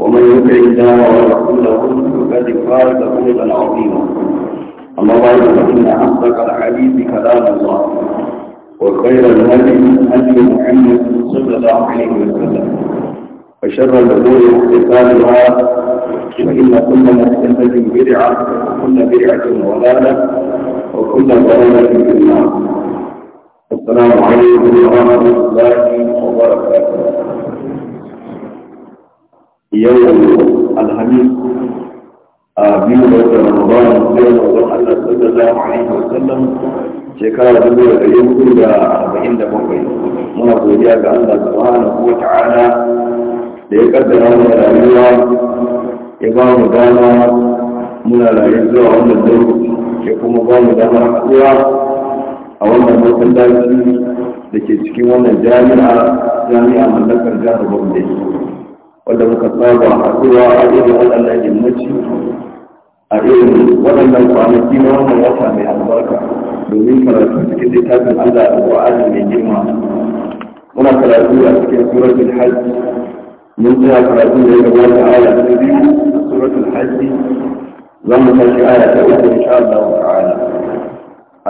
ومن يطع الله ورسوله فقد فاز فوزا عظيما اما بعد فان اصدق الحديث كلام الله وخير الهدي هدي محمد صلى الله عليه وسلم وشر الامور محدثاتها فان كل محدثه بدعه وكل بدعه ضلاله وكل ضلاله في النار السلام عليكم ورحمه الله وبركاته yau alhamis a biyu da wata ramadan sai da wajen allah sallallahu alaihi wa sallam shekara dubu da ɗari hudu da arba'in da bakwai muna godiya ga allah subhanahu wa ta'ala da ya kaddara mu da rayuwa ya ba mu dama muna rayuwa zuwa wannan lokaci ya kuma ba mu damar haɗuwa a wannan masallaci da ke cikin wannan jami'a jami'a mallakar jihar Gombe. wanda muka saba haɗuwa a irin waɗannan yammaci a irin waɗannan kwanaki na wannan wata mai albarka domin karatu cikin littafin Allah da Qur'ani mai girma muna karatu a cikin suratul hajj mun tsaya karatu da ya gabata aya ta biyu suratul hajj za mu tashi aya ta uku insha Allah ta'ala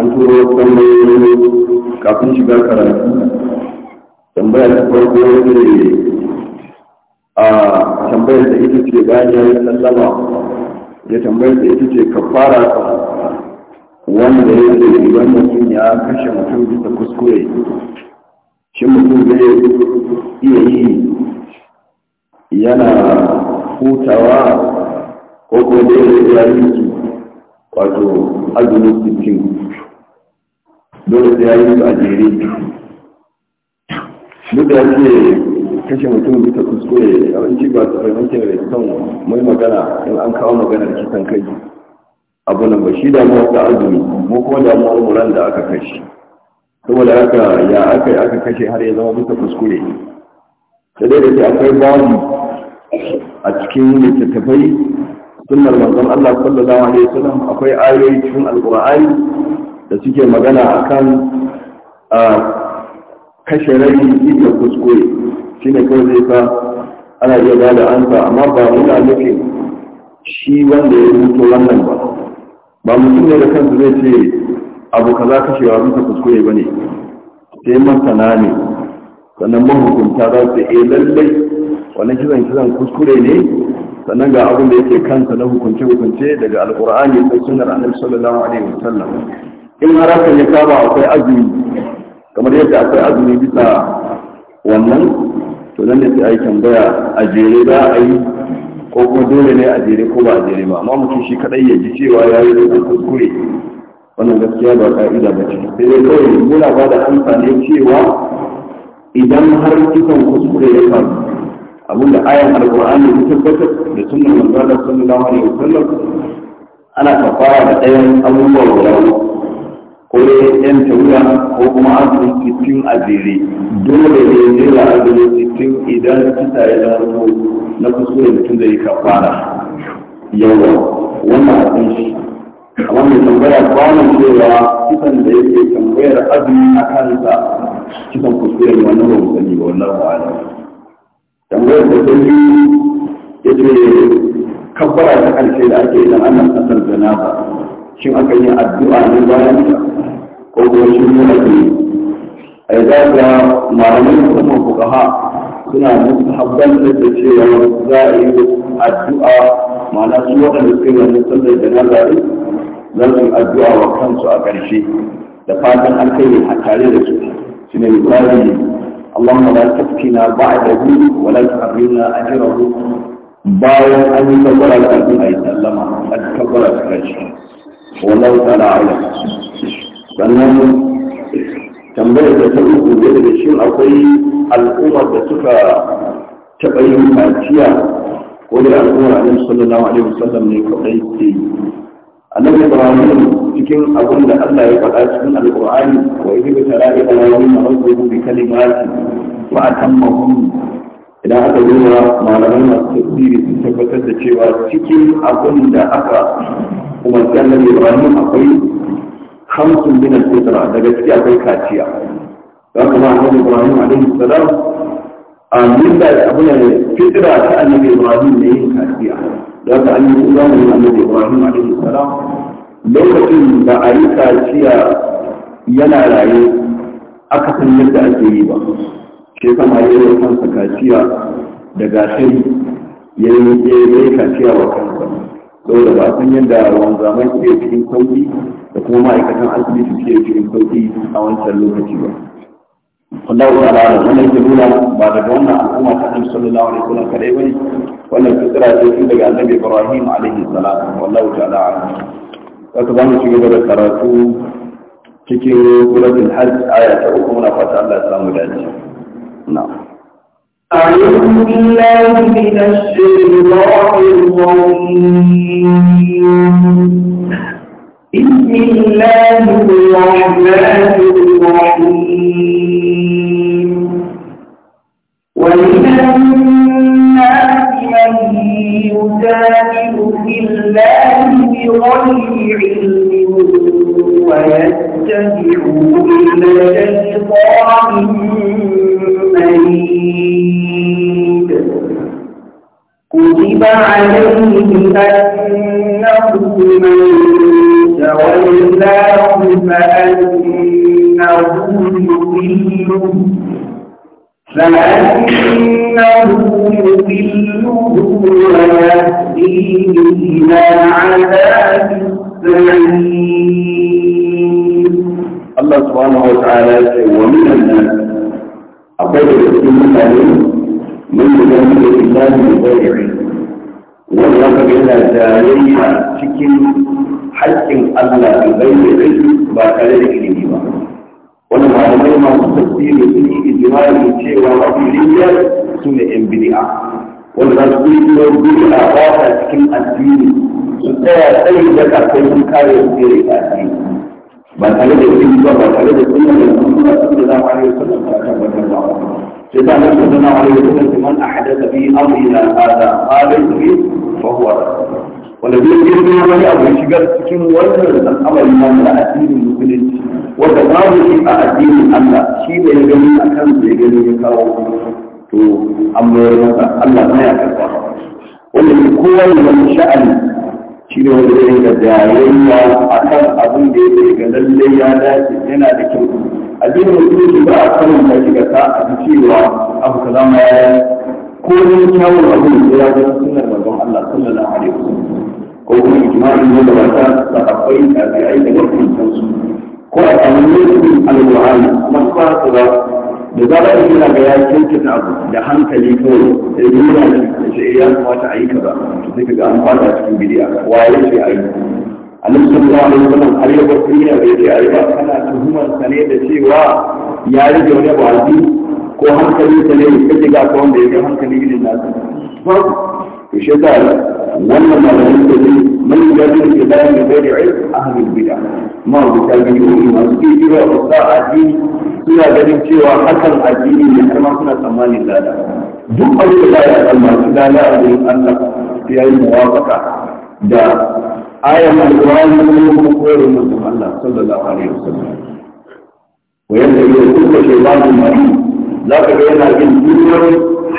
an turo tambayoyi kafin shiga karatu tambaya ta farko ne a tambayar da ita ce bayan ya yi sallama ya tambayar da ita ce kafara ka wanda ya ce idan mutum ya kashe mutum bisa kuskure shi mutum zai iya yi yana hutawa ko kuma yi ya yi su wato azumin sittin dole sai ya yi su a jere duk da ya ce kashe mutum bisa kuskure yawanci ba su fahimtar da kan mai magana in an kawo maganar kisan kai abu nan ba shi mu ta azumi mu kuma mu muran da aka kashe saboda haka ya aka aka kashe har ya zama bisa kuskure sai dai ke akwai babu a cikin littattafai sunnar manzon Allah sallallahu alaihi wasallam akwai ayoyi cikin alqur'ani da suke magana akan ah, kashe rai da kuskure shi ne kawai zai sa ana iya ba da ansa amma ba yana nufin shi wanda ya mutu wannan ba ba mutum ne da kansu zai ce abu kaza kashewa bisa kuskure ba ne sai na ne sannan mahukunta za su iya eh, lallai Wani kisan kisan kuskure ne sannan ga abin da yake kansa na hukunce hukunce daga alkur'ani da sunnar annabi sallallahu alaihi sallam in har aka ya kama akwai azumi kamar yadda akwai azumi bisa wannan to nan ne sai a yi tambaya a jere za a yi ko kuma dole ne a jere ko ba a jere ba amma mutum shi kadai ya ji cewa ya yi da kuskure wannan gaskiya ba ka'ida ba ce sai dai kawai muna ba da amsa ne cewa idan har kisan kuskure ya faru abinda ayan alkur'ani ta tabbatar da sunan manzo Allah sallallahu alaihi wasallam ana kafara da ɗayan abubuwan guda ko yan taura ko kuma azumi sittin a jere dole ne ya azumi sittin idan kisa ya zama na kusurin mutum zai kafara yawa wannan abin shi amma mai tambaya kwanan cewa kisan da yake tambayar azumi a kansa kisan kusurin wannan ba mu sani ba wannan ba tambayar da ta biyu ya ce kabbara ta ƙarshe da ake idan ana kasar janaba shin aka yi addu'a ne bayan ta ko kuma shi ne ake yi a yi zaga malamai musamman fukaha suna musu habbantar da cewa za a yi addu'a mana su waɗanda suka yi wannan sallar da na zaɓe za su yi addu'a wa kansu a ƙarshe da fatan an kai a tare da su shi ne misali اللهم لا تفتنا بعده ولا تحرمنا اجره bayan an yi kabbara da ake a yi sallama a kabbara da wallahu ta'ala alam sannan tambayar da ta uku ne da shi akwai al'ummar da suka taɓa yin kaciya ko da al'ummar annabi sallallahu alaihi wasallam ne kaɗai ke annabi ibrahim cikin abin da Allah ya faɗa cikin alƙur'ani wa idza tala ibrahim rabbuhu bi kalimati wa atammahum idan aka yi wa malaman masu tafsiri sun tabbatar da cewa cikin abin da aka umarci annabi ibrahim akwai hamsin min al-fitra da gaskiya akwai kaciya don kuma annabi ibrahim alaihi salam amin da abu ne fitra ta annabi ibrahim ne yin kaciya don ka yi ibrahim annabi ibrahim alaihi salam lokacin da a yi kaciya yana raye aka san yadda ake yi ba shi kama yi wa kansa kaciya da gashiri ya yi kaciya wa kansa saboda ba san yadda wanzamai suke cikin sauki da kuma ma'aikatan asibiti suke cikin sauki a wancan lokaci ba Allah ya ala wannan yake nuna ba daga wannan al'umma ta Annabi sallallahu alaihi wasallam kadai bane wannan fitira ce tun daga Annabi Ibrahim alaihi salam wallahu ta'ala ala wato ba mu ci gaba da karatu cikin suratul hajj aya ta uku muna fata Allah ya samu dace na'am أعوذ بالله من الشيطان يعلمون kawo to an Allah ya wanda ke kowa wani sha'ani shi ne wanda zai da jayayya a kan abin da ya ga lallai ya dace yana da kyau ba a sanin ta shiga ta a ji cewa abu kaza ma ya ko ne kyawun abin da ya ga Allah ko kuma ba ta da ko a tsanin alƙur'ani amma ba su ba da za a yi ga ya kyautata abu da hankali kawai da nuna shi eh, ya kamata a yi ba, to sai kaga an fada cikin bidiya waye ce a yi annabi sallallahu alaihi wasallam har ya bar duniya bai ce ayi ba kana tuhumar sa ne da cewa ya yi da wani wa'azi ko hankali sa ne kace ga ko da ya ga hankali irin nasa to shi yasa wannan malamin da من يجادل في الله من غير علم اهل البدع ما هو بتابعين ما سكي جرى وصاع الدين suna ganin cewa hakan addini ne har ma suna tsammanin lada duk abin da ya tsamma su lada a wurin Allah sai yayi muwafaka da ayan alqur'ani ne kuma koyar manzon Allah sallallahu alaihi wasallam wa yanda yake kullu shay'an mari zaka ga yana bin duniyar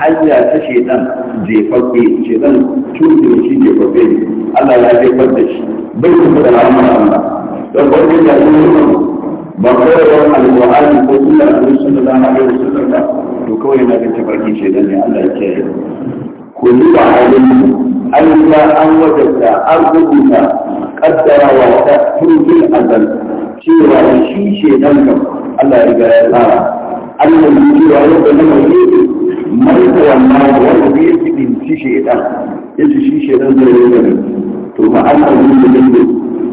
hanya ta shedan jefaffe shedan cutar shi jefaffe Allah ya jefar da shi bai kuma da rahama Allah don wanda ya yi wannan ba kawai wani alƙur'ani ko sunna da sunna da haɗe da sunna ba to kawai yana ga tafarki shedan ne Allah ya kiyaye ku ba halin an yi ga an wajabta an rubuta kaddarawa ta turkin azal cewa shi shedan kam Allah ya riga ya tsara Allah ya ce wa yau da nan ne mai ko wannan wanda ya ci binci shedan ya ci shi shedan zai yi gari to ma Allah ya ce da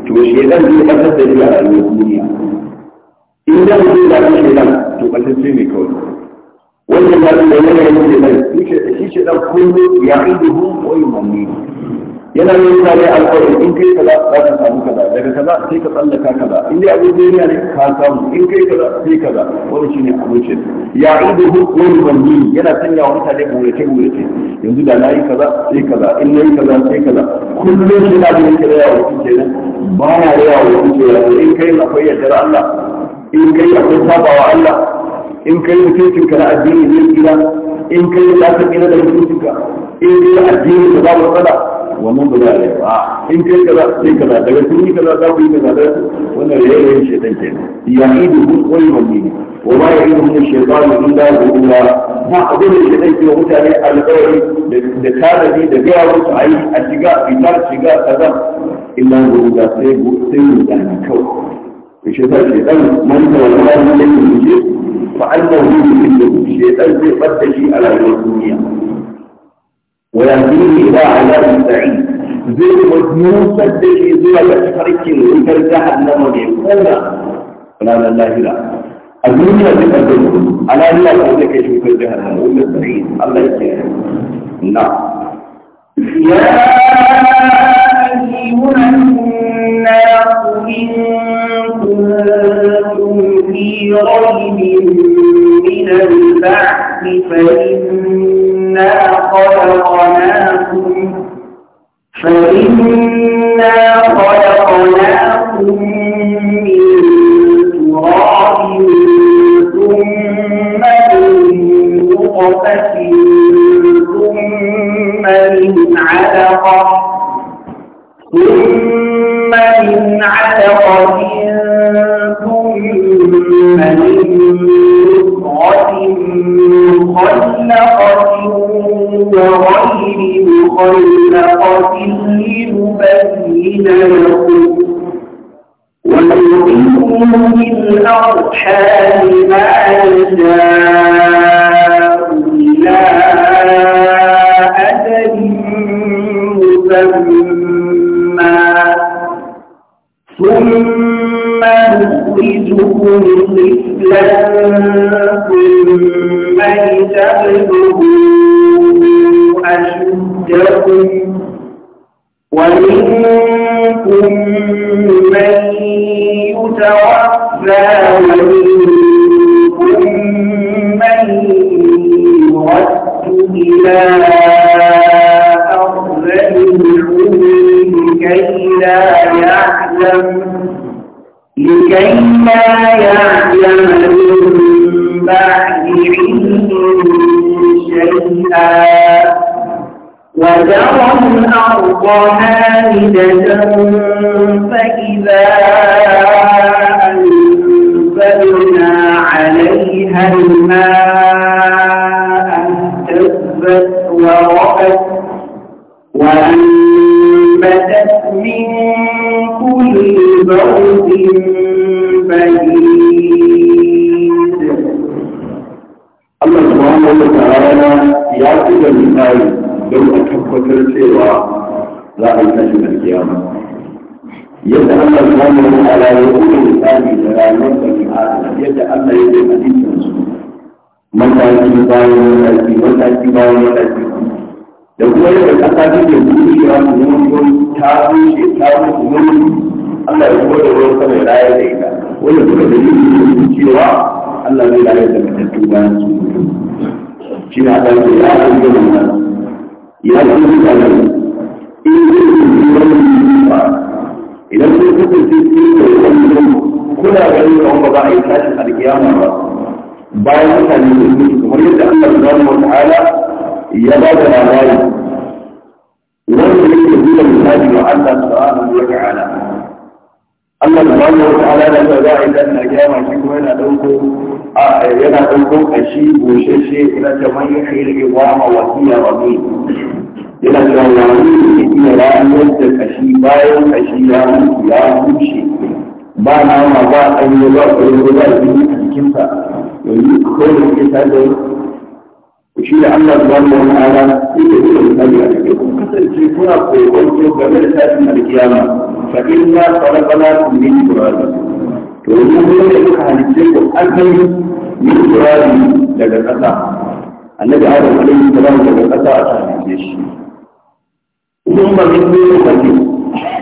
to shedan zai kasar da shi a rayuwar duniya in da mutum da shedan to kasance ne kawai wannan da ya yi shedan shi shedan kullum ya idu hu wa yumannini yana yin kare alƙawari in kai kaza za ka samu kaza daga kaza sai ka tsallaka kaza in dai abin duniya ne ka samu in kai kaza sai kaza wani shine abincin ya inda wani banni yana sanya wa mutane gurace gurace yanzu da na yi kaza sai kaza in na yi kaza sai kaza kullum shi na bin kira yawa ke nan ba ya yawa wani kenan in kai akwai yardar Allah in kai akwai wa Allah in kai mutuncin ka na addini zai gida in kai na ka da mutuncinka in kai addini da za mu tsada wannan ba za a yi ba in kai kaza sai kaza daga sun yi kaza za ku yi kaza da wannan da yayin shaitan ke ya idu hu wani mamini wa ma ya idu hu shaitan in da ku ba ma abin da shaitan ke mutane alƙawari da tanadi da gaya musu ayi a shiga fitar shiga kaza illa guda sai sai mutane kawai shaitan shaitan man ta wannan da yake fa annahu yusibbu shaitan zai fadda shi a rayuwar duniya ويهديه إلى عذاب سعيد زي مجنون صدق زي يشترك ويرجع لما يقول لا لا لا لا الدنيا تقدم على الله فإنك يشوف جهنم ومن سعيد الله يسير نعم يا الأرض هامدة فإذا wanda suke tare da shi da Allah subhanahu wa ta'ala shi ke yi misali a cikin kun kasance kuna kokonto game da tashin alkiyama fa inna khalaqnakum min turab to mun ne muka halice ku asali min turab daga ƙasa annabi Adam alaihi salam daga ƙasa a halice shi ثم من دون مكين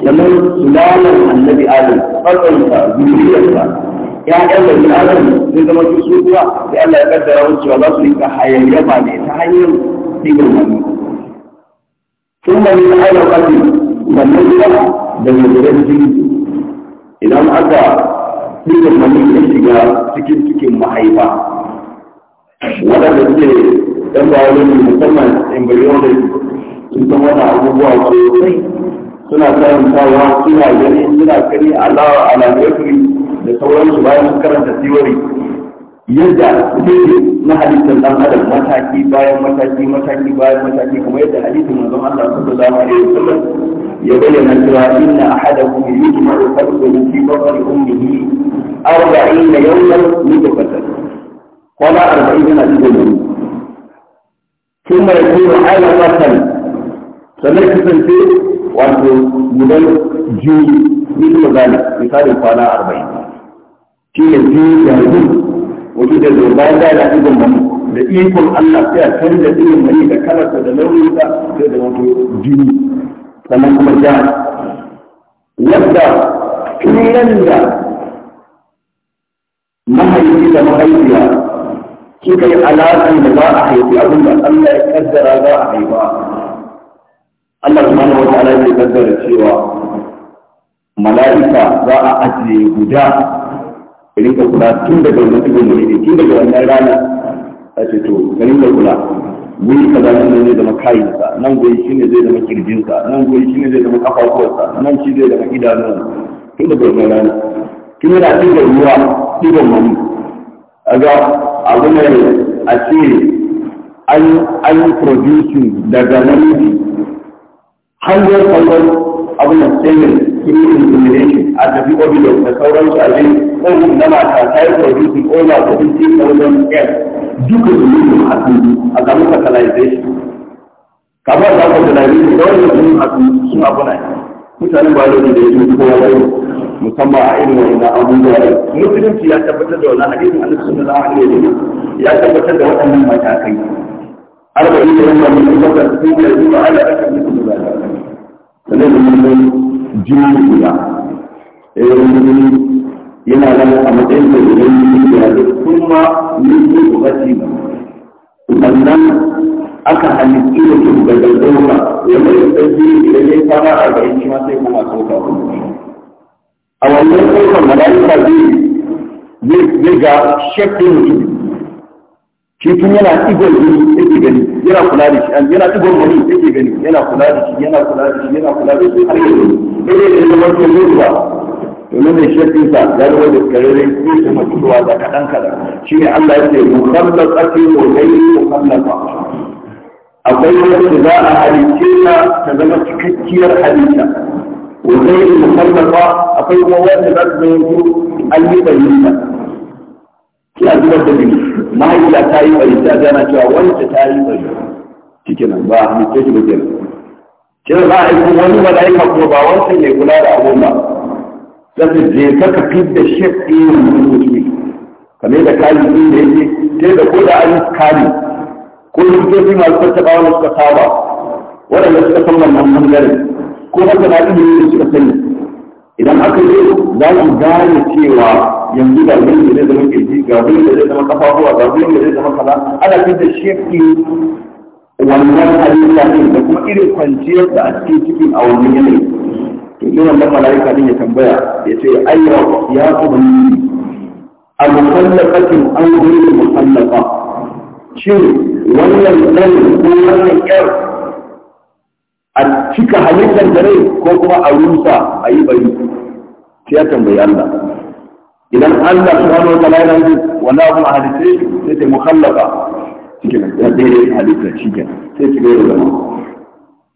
لمن سلالا النبي آدم قطعت ذريته ya'yan da bi adam zai zama su su kuwa sai Allah ya kaddara musu cewa za su rika hayayyafa ne ta hanyar sigar wani sun da min aina kwasi wannan gida da yanzuran jini idan aka sigar wani ya shiga cikin cikin mahaifa waɗanda suke ɗan ba wani musamman embryology sun san wani abubuwa sosai suna karantawa suna gani suna gani alawa alaƙarfi da sauran su bayan karanta siwari yadda suke na halittar dan adam mataki bayan mataki mataki bayan mataki kuma yadda hadisin manzon Allah sallallahu alaihi wasallam ya bayyana cewa inna ahadakum yujma'u qalbuhu fi batni ummihi 40 yawman nutfatan kwana 40 yana cikin ثم يكون علقة sannan kasance wato gudan jini min magana misalin kwana arba'in shi ne biyu yanzu wato da zuba da idon mani da ikon Allah sai a canza irin mani da kalarsa da launinsa sai da wato jini sannan kuma ja wadda tunan da mahaifi da mahaifiya suka yi alaƙa da za a haifi abin da Allah ya kaddara za a haifa Allah subhanahu wata ta'ala ya kaddara cewa mala'ika za a ajiye guda rinka kula tun daga wannan tuba mulidi tun daga wannan rana a ce to ka rinka kula wuri kaza ne zai zama kayinsa nan goyi ne zai zama kirjinsa nan goyi ne zai zama kafafuwarsa nan shi zai zama idanunsa tun daga wannan rana tun yana tuba ruwa tuban mani a ga abu ne a ce an yi producing daga namiji hanyar kwallon abin da sai ne in a tafi obidon da sauransu a zai ƙaunin na mata ta yi producing ko 17,000 years duka su yi yin a samu fertilization kamar da aka fertilization ne wani yin hasu sun abu mutanen biology da ya yi ko yau musamman a irin wani na abubuwa da musulunci ya tabbatar da wannan hadisin annabi sallallahu alaihi wasallam ya tabbatar da waɗannan matakai arba'in da wannan mutum da su da su ba ala akan mutum da zalika sannan da mun jini guda eh yana nan a matsayin da idan ya da kuma yake bukati sannan aka halittu da su daga dauka ya mai tsaji idan ya fara a ga yanki ma sai kuma sauka a wannan saukan mala'ika zai zai ga shakkin mutum shi tun yana igon gani yake gani yana kula da shi yana igon gani yake gani yana kula da shi yana kula da shi yana kula da shi har yanzu sai dai da zama tsoron ba domin da shafi sa ya zama da karere kisu masu ruwa da kaɗan kaɗan shi ne Allah ya ce mukhallaqa fi wajhi ba. akwai wanda za a halicce ta ta zama cikakkiyar halitta wazai da ba, akwai kuma wanda za su zama su an yi bayyanta ya zubar da jini mahaifiya ta yi bayyanta tana cewa wanda ta yi bayyanta cikin ba a halitta shi ba kenan kira za a yi kuma wani mala'ika kuma ba wancan ne kula da abun ba zaka je ka ka fit da shek ɗin mutum kamar da kali ɗin da yake sai da ko da an kali ko likitoci masu tattaɓa wanda suka saba waɗanda suka san wannan ɓangare ko haka na ilimi da suka sani idan aka yi za su gane cewa yanzu ga wani da zai zama kirji ga wani da zai zama kafafuwa ga wani da zai zama kaza ana fit da shek ɗin wannan halitta ɗin da kuma irin kwanciyar da a cikin cikin a wannan yanayi to yi wannan mala'ika din ya tambaya ya ce ayya ya ubangiji a musallafatin an gurin musallafa shin wannan dan ko wannan yar a cika halittar dare ko kuma a rusa a yi bari sai ya tambayi Allah idan Allah subhanahu wa ta'ala yana yi wannan abun a halitta sai ta mukallafa cikin da daidai halitta cikin sai ci gaba da zama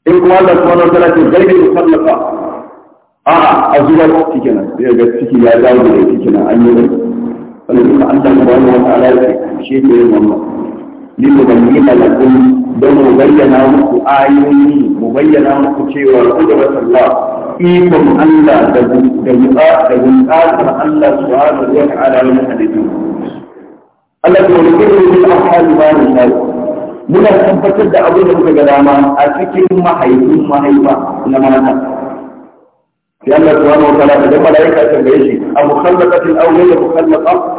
in kuma Allah subhanahu wa ta'ala ce daidai mukallafa A'a, a zuba ciki nan sai ga ciki ya dawo da ciki nan an yi rai sannan kuma Allah subhanahu wa ta'ala ya ce ke yin wannan lin da ban yi malakun don mu bayyana muku ayoyi mu bayyana muku cewa da Allah ikon Allah da da buƙatar Allah subhanahu wa ta'ala na halittu Allah ta wani kiri ne a hali ba da shayi muna tabbatar da abin da muka ga dama a cikin mahaifin mahaifa na mana. لأن الزوان وطلاة لما لا يكأت بيجي المخلقة الأول هي مخلقة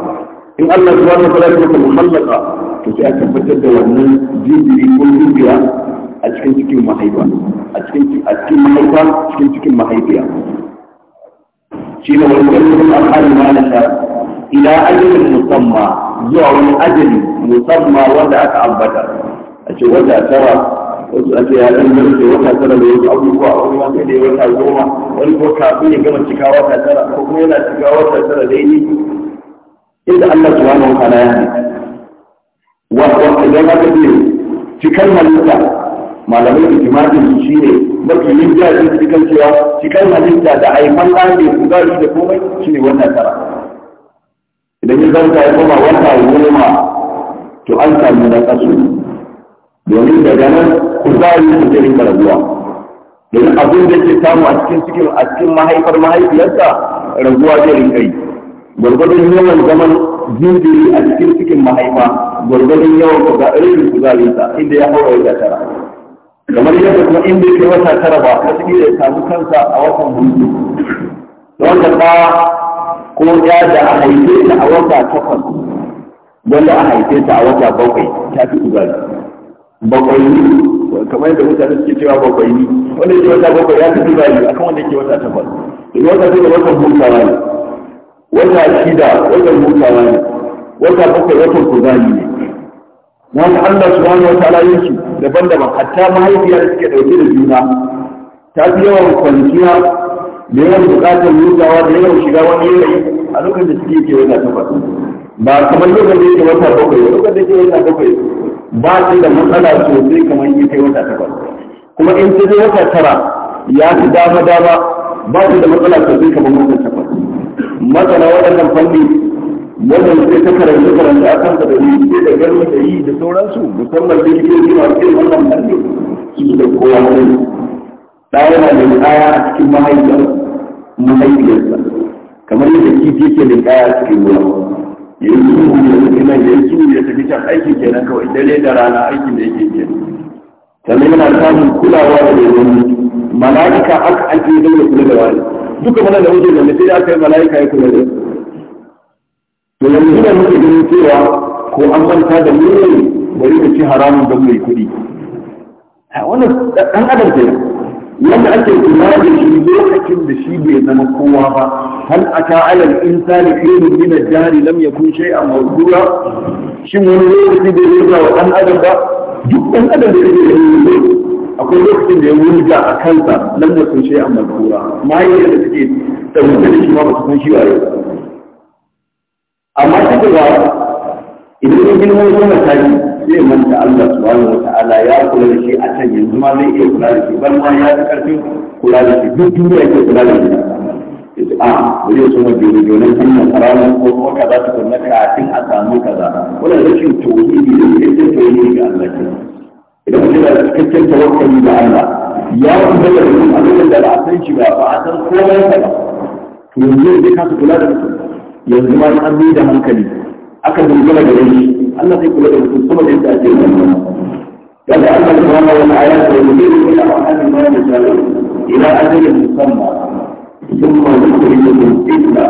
إن أن الزوان وطلاة يكون مخلقة تتأكد فتد ومن جيد يكون جيدها أتكن تكي محيطا أتكن تكي محيطا أتكن تكي محيطا شين ويكلم الأرحال ما نشاء إلى أجل مصمى زعم أجل مصمى وضعك عبدا أشي وضع ترى wasu ake ya ɗan gani da wata tara da wasu abubuwa wani ma sai da wata goma wani ko kafin ya gama cika wata tara ko kuma yana cika wata tara daidai inda Allah subhanahu wa ta'ala ya ne wa wa idan aka ce cikar halitta malamai da kimanin su shine mafi yin jajin cikin cewa cikar halitta da haifan ɗan da kuzari da komai shine wannan tara idan ya zanta ya koma wata goma to an samu na kasu domin daga nan yi su ke rinka rabuwa. domin abin da ke samu a cikin cikin a cikin mahaifar mahaifiyarsa raguwa zai rinka yi gwargwadon yawan zaman jinjiri a cikin cikin mahaifa gwargwadon yawan yi kuzarinsa inda ya hau wata tara kamar yadda kuma inda ya kai wata tara ba wata ya samu kansa a watan hudu wanda ba ko ya da a haife ta a wata takwas wanda a haife ta a wata bakwai ta fi kuzari Bakwai bakwaini kamar yadda mutane suke cewa bakwai bakwaini wanda yake wata bakwai ya fi bayi akan wanda yake wata takwas domin wata shida watan hutawa ne wata shida watan hutawa ne wata bakwai watan kuzari ne na ta Allah su wani ta'ala yin su daban-daban hatta mahaifiya suke ɗauke da juna ta fi yawan kwanciya da yawan buƙatar hutawa da yawan shiga wani yanayi a lokacin da suke yake wata takwas ba kamar lokacin da yake wata bakwai lokacin da yake wata bakwai ba su da matsala sosai kamar in kai wata takwas kuma in ta wata tara ya fi dama dama ba su da matsala sosai kamar wata takwas matsala waɗannan fanni wannan sai ta karanta karanta a kan da yi sai da gani da yi da sauransu musamman da ke yi ma kai wannan fanni su da kowa ne da yana da kaya a cikin mahaifiyar mahaifiyarsa kamar yadda kifi yake da kaya a cikin ruwa ya zuwa ya tafi nan ya zuwa ya tafi can aiki kenan kawai dare da rana aikin da yake kenan sannan yana samun kulawa da yanzu mala'ika aka aiki yi da kula da wani duka mana da wuce da sai aka yi mala'ika ya kula da to yanzu da muke ganin cewa ko an manta da mu bari mu ci haramun don mai kuɗi wannan ɗan adam kenan wanda ake kula da shi lokacin da shi bai zama kowa ba hal ata alal insani qilun min ad-dahr lam yakun shay'an mawdura shin wani lokaci da ya ga dan adam ba duk dan adam da ya yi akwai lokacin da ya wurga a kansa lam yakun shay'an mawdura ma yayin da suke tsamuta da shi ma ba su san shi ba amma take ba idan ya gina wani mataki zai manta Allah subhanahu wa ta'ala ya kula da shi a can yanzu ma zai iya kula da shi ban ma ya fi karfin kula da shi duk duniya ke kula da shi yace a ah, bari su mu biyo biyo nan kan masarawa ko ko kaza ta kunna kafin a samu kaza wannan rashin tauhidi da yake ne ga Allah ke idan mutum da cikakken tawakkali ga Allah ya kuma da lokacin da ba a san shi ba ba a san komai ba to yanzu zai kasa kula da mutum yanzu ma an da hankali aka dogara da shi Allah zai kula da mutum sama da yadda ake yi daga Allah subhanahu wa ta'ala da إلى أجل da wannan ma da jalo ila ajalin musamma ثم نخرجكم إلا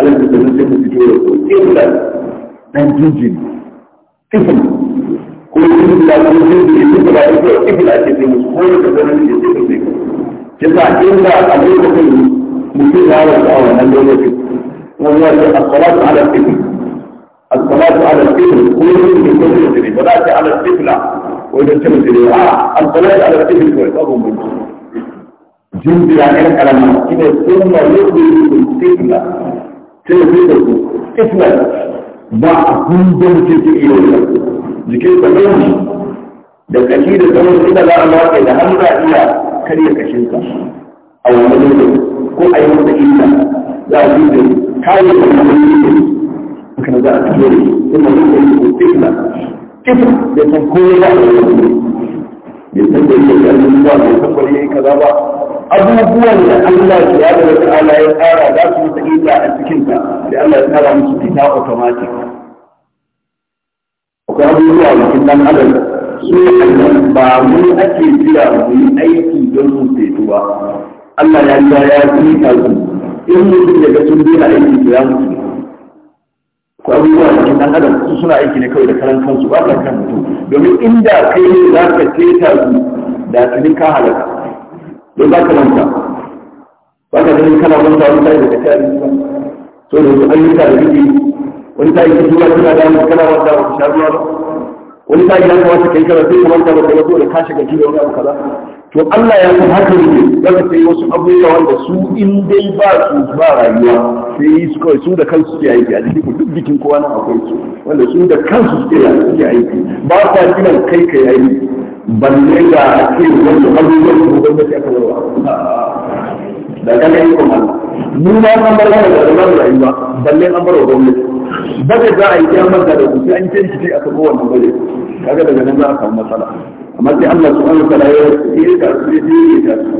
ألم تتمسكوا بجوركم إلا أن تنجدوا طفلا كل طفل أن ينجد طفلا طفلا أن مسؤول كثير من يجد فيكم جزاء إلا أبوكم مثل هذا الأول أن يولد وهو الصلاة على الطفل الصلاة على الطفل كل من كل مسلم ولا على الطفلة وإذا تمثل آه الصلاة على الطفل كويس أبو منه جنب يعني كلام إذا ثم يقبل الطفلة تمثل طفلة ba kun don kirki iya wani jikin tsananci da kashi da zaman ina za a da hannu za iya karya kashinka a wani ko a yi wata illa za a yi da kayan da haka za a fito da shi ina yin da yake kifla kifla bai san kowa ba a wani bai san da yake da yake zuwa bai san bari yayi kaza ba abubuwan da Allah ya da ta'ala ya tsara za su yi sa'ida a cikin ta da Allah ya tsara musu fita automatic akwai abubuwa da kin dan adam su ba mu ake jira mu yi aiki don mu fito ba Allah ya ya tsita su in mutum daga sun dena aiki ya mutu ko abubuwa da cikin dan adam su suna aiki ne kawai da karan kansu ba ta kan mutum domin inda kai ne za ka keta su da tunin ka halaka don za ka manta ba ka ganin kana manta wani tayi da ka tayi ba so da wasu ayyuka da kake wani tayi ka tura kana da kana manta wani sharuwa ba wani ta ya kamata kai kaza sai kamar ka baka yabo da ka shiga jiya wani abu kaza to Allah ya san haka ne ka sai wasu abubuwa wanda su in dai ba su ba rayuwa sai yi su kawai su da kansu suke aiki a jikin duk bikin kowa nan akwai su wanda su da kansu suke aiki ba sa kiran kai kai aiki balle da ake wasu abubuwan su gwamnati aka yawa da ga yi kuma mu ma an bar da zaman rayuwa balle an bar wa gwamnati ba za a yi kiyamar da sai an kyanci a kan kowane bane kaga daga nan za a samu matsala amma sai Allah subhanahu wataala ya yi da su yi da su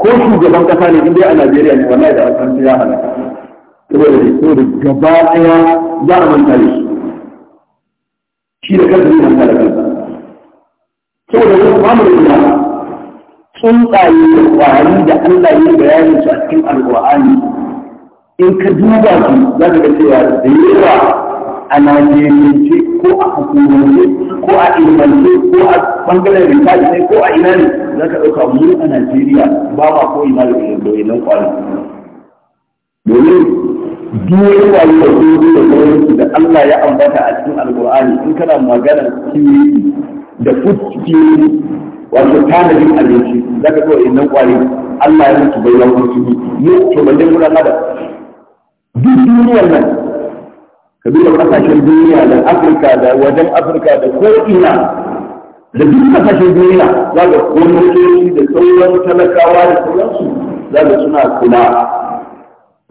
ko shugaban kasa ne inda a Najeriya ne wallahi da an ya halaka saboda ne saboda gaba daya za a manta da shi shi da kansa ne manta da Saboda saboda wani samun ina tsuntsaye da kwari da Allah ya bayani su a cikin alƙur'ani in ka duba su za ka ga cewa da yawa a Najeriya ce ko a hukumance ko a ilmance ko a bangaren rikali ne ko a ina ne za ka ɗauka mu a najeriya ba ma ko ina da ilan kwanan domin duwai wani da dogo da sauransu da allah ya ambata a cikin alkur'ani in kana magana kiwi da food security wato tanadin abinci za ka ɗauka ilan kwari allah ya mutu bai yawan kiwi mu to ban dai muna nada duk duniyar nan ka duba kasashen duniya da afirka da wajen afirka da ko ina da duk kasashen duniya za ga gwamnatoci da sauran talakawa da sauransu za ga suna kula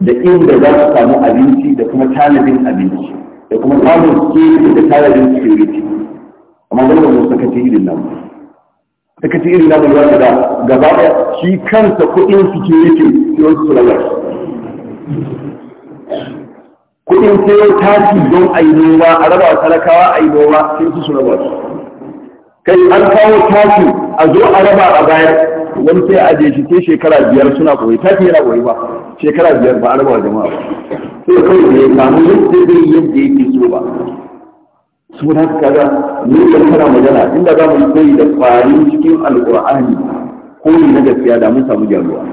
da inda za su samu abinci da kuma tanadin abinci da kuma samun security da tanadin security amma gwamnati mu sakaci irin nan sakaci irin nan ba da gaba shi kansa kuɗin security sai wasu su lalace kudin sayo taki don a yi noma a raba talakawa a yi noma sai su su raba su kai an kawo taki a zo a raba a bayar wani sai a je shi sai shekara biyar suna koyi taki yana koyi ba shekara biyar ba a raba jama'a ba sai kawai da ya samu yadda zai yadda yake so ba su na kaga ni da kana magana inda za mu yi koyi da kwarin cikin alkur'ani koyi na gaskiya da mun samu jaruwa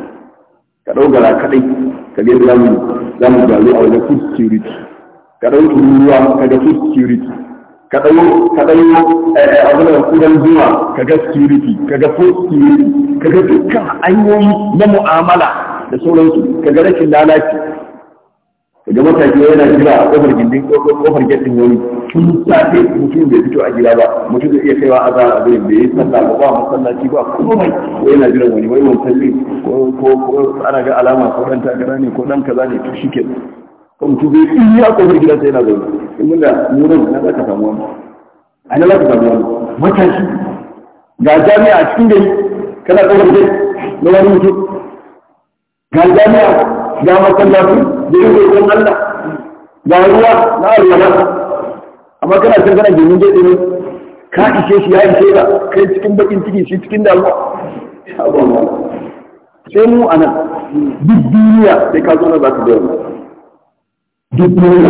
ka ɗaugara kaɗai kaga yadda zamu zamu gyaru a wajen food security ka ɗau ka ga food security ka ɗau ka ɗau eh, eh, abin da kudan zuwa ka ga security ga food security ga dukkan hanyoyi na mu'amala da sauransu Ka ga rashin lalaci idan mataki yana jira a kofar gindin kofar gindin wani tun safe mutum bai fito a gida ba mutum zai iya kaiwa a za a zai bai sallah ba ba masallaci ba komai ko yana jiran wani wai wancan ne ko ana ga alama ko dan takara ne ko dan kaza ne to shike ko mutum bai iya kofar gida sai yana zo, in da mu nan na za ka samu wani a na za ka samu wani mataki ga jami'a cikin gari kana kofar gari na wani mutum ga jami'a ga masallaci da yin roƙon Allah ga ruwa na alwala amma kana can kana gemin jeɗe ne ka ishe shi ya ishe ka kai cikin bakin ciki shi cikin damuwa sai mu a nan duk duniya sai ka zo na za ka bayar duk duniya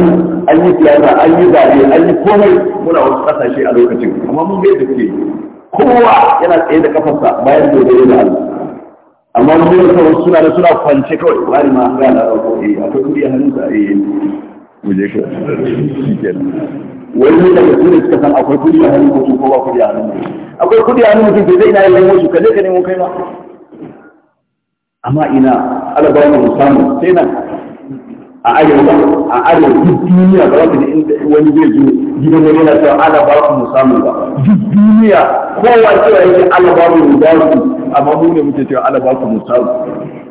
an yi siyasa an yi zaɓe an yi komai muna wasu ƙasashe a lokacin amma mun ga da ke kowa yana tsaye da kafarsa bayan gobe da Allah amma wani yau kawai suna da suna kwance kawai wani ma ga na ɗauko eh akwai kuɗi a hannun sa eh mu je ka shi kenan wani daga su ne suka san akwai kuɗi a hannun mutum ko ba kuɗi a hannun mutum akwai kuɗi a hannun mutum bai zai na yin nemo su ka je ka nemo kai ma amma ina alabawa mu samu sai nan a arewa a arewa duk duniya ba za inda wani zai zo gidan wani yana cewa ana ba ku musamman ba duk duniya kowa cewa yake ana ba mu ba ku amma mu ne muke cewa ana ba ku musamman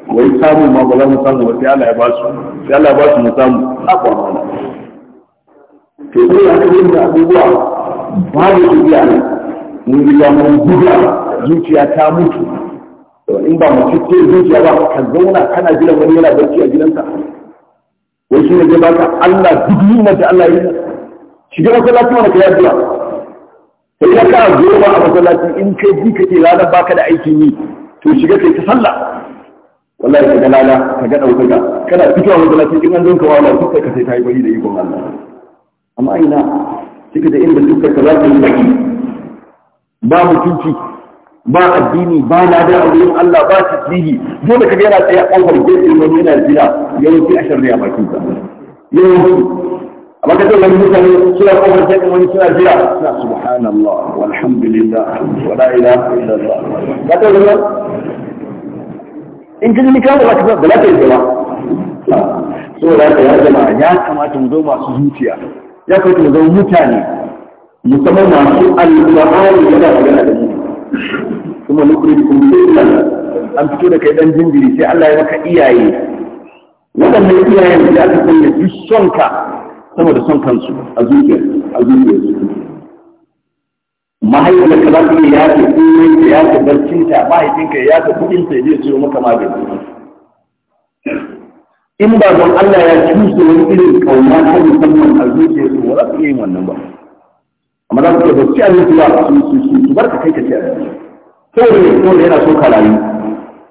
wai samu ma ba za mu samu ba sai Allah ya ba su sai Allah ya ba su musamman akwa mana to sai ya kai da abubuwa ba da tafiya ne mun riga mun guda zuciya ta mutu in ba mu cikin zuciya ba ka zauna kana jiran wani yana barci a gidansa wai shi ne zai baka Allah duk himmar da Allah yi shiga masallaci mana ka yaduwa sai ya ka goma a masallaci in kai ji kake ranar baka da aikin yi to shiga kai ta sallah wallahi ka ga lala ka ga ɗaukaka kana fitowa masallaci in an zonka wala duk ka sai ta yi bari da ikon Allah amma aina kika da inda duk ka za ka yi baki, ba mutunci ba addini ba na da wurin Allah ba tasbihi dole kaga yana tsaye a kofar gefe wani yana jira yawanci a sharri a bakin sa yawanci amma kaga wani mutane suna kofar gefe wani suna jira suna subhanallah walhamdulillah wa la ilaha illallah ka ta zama in kaji ni kawo ba ka ba ta yi ba so da ya jama'a ya kamata mu zo masu zuciya ya kamata mu zama mutane musamman masu alƙur'ani yana magana da mu kuma sai sullan an fito da kai dan jinjiri sai Allah ya maka iyaye waɗannan iyayen da aka sanya duk son ka sama da son kansu a zuciyar a zuciyar su mahaifiyar ka za ta ya ta kuma ya ta barcinta mahaifinka ya ta kudin ta zai siyo maka magani in ba don Allah ya cusa wani irin kauna ta musamman a zuciyar su ba za su iya yin wannan ba amma za su ce ba ci abinci ba su su su bar ka kai ka ci abinci saboda yana so ka rayu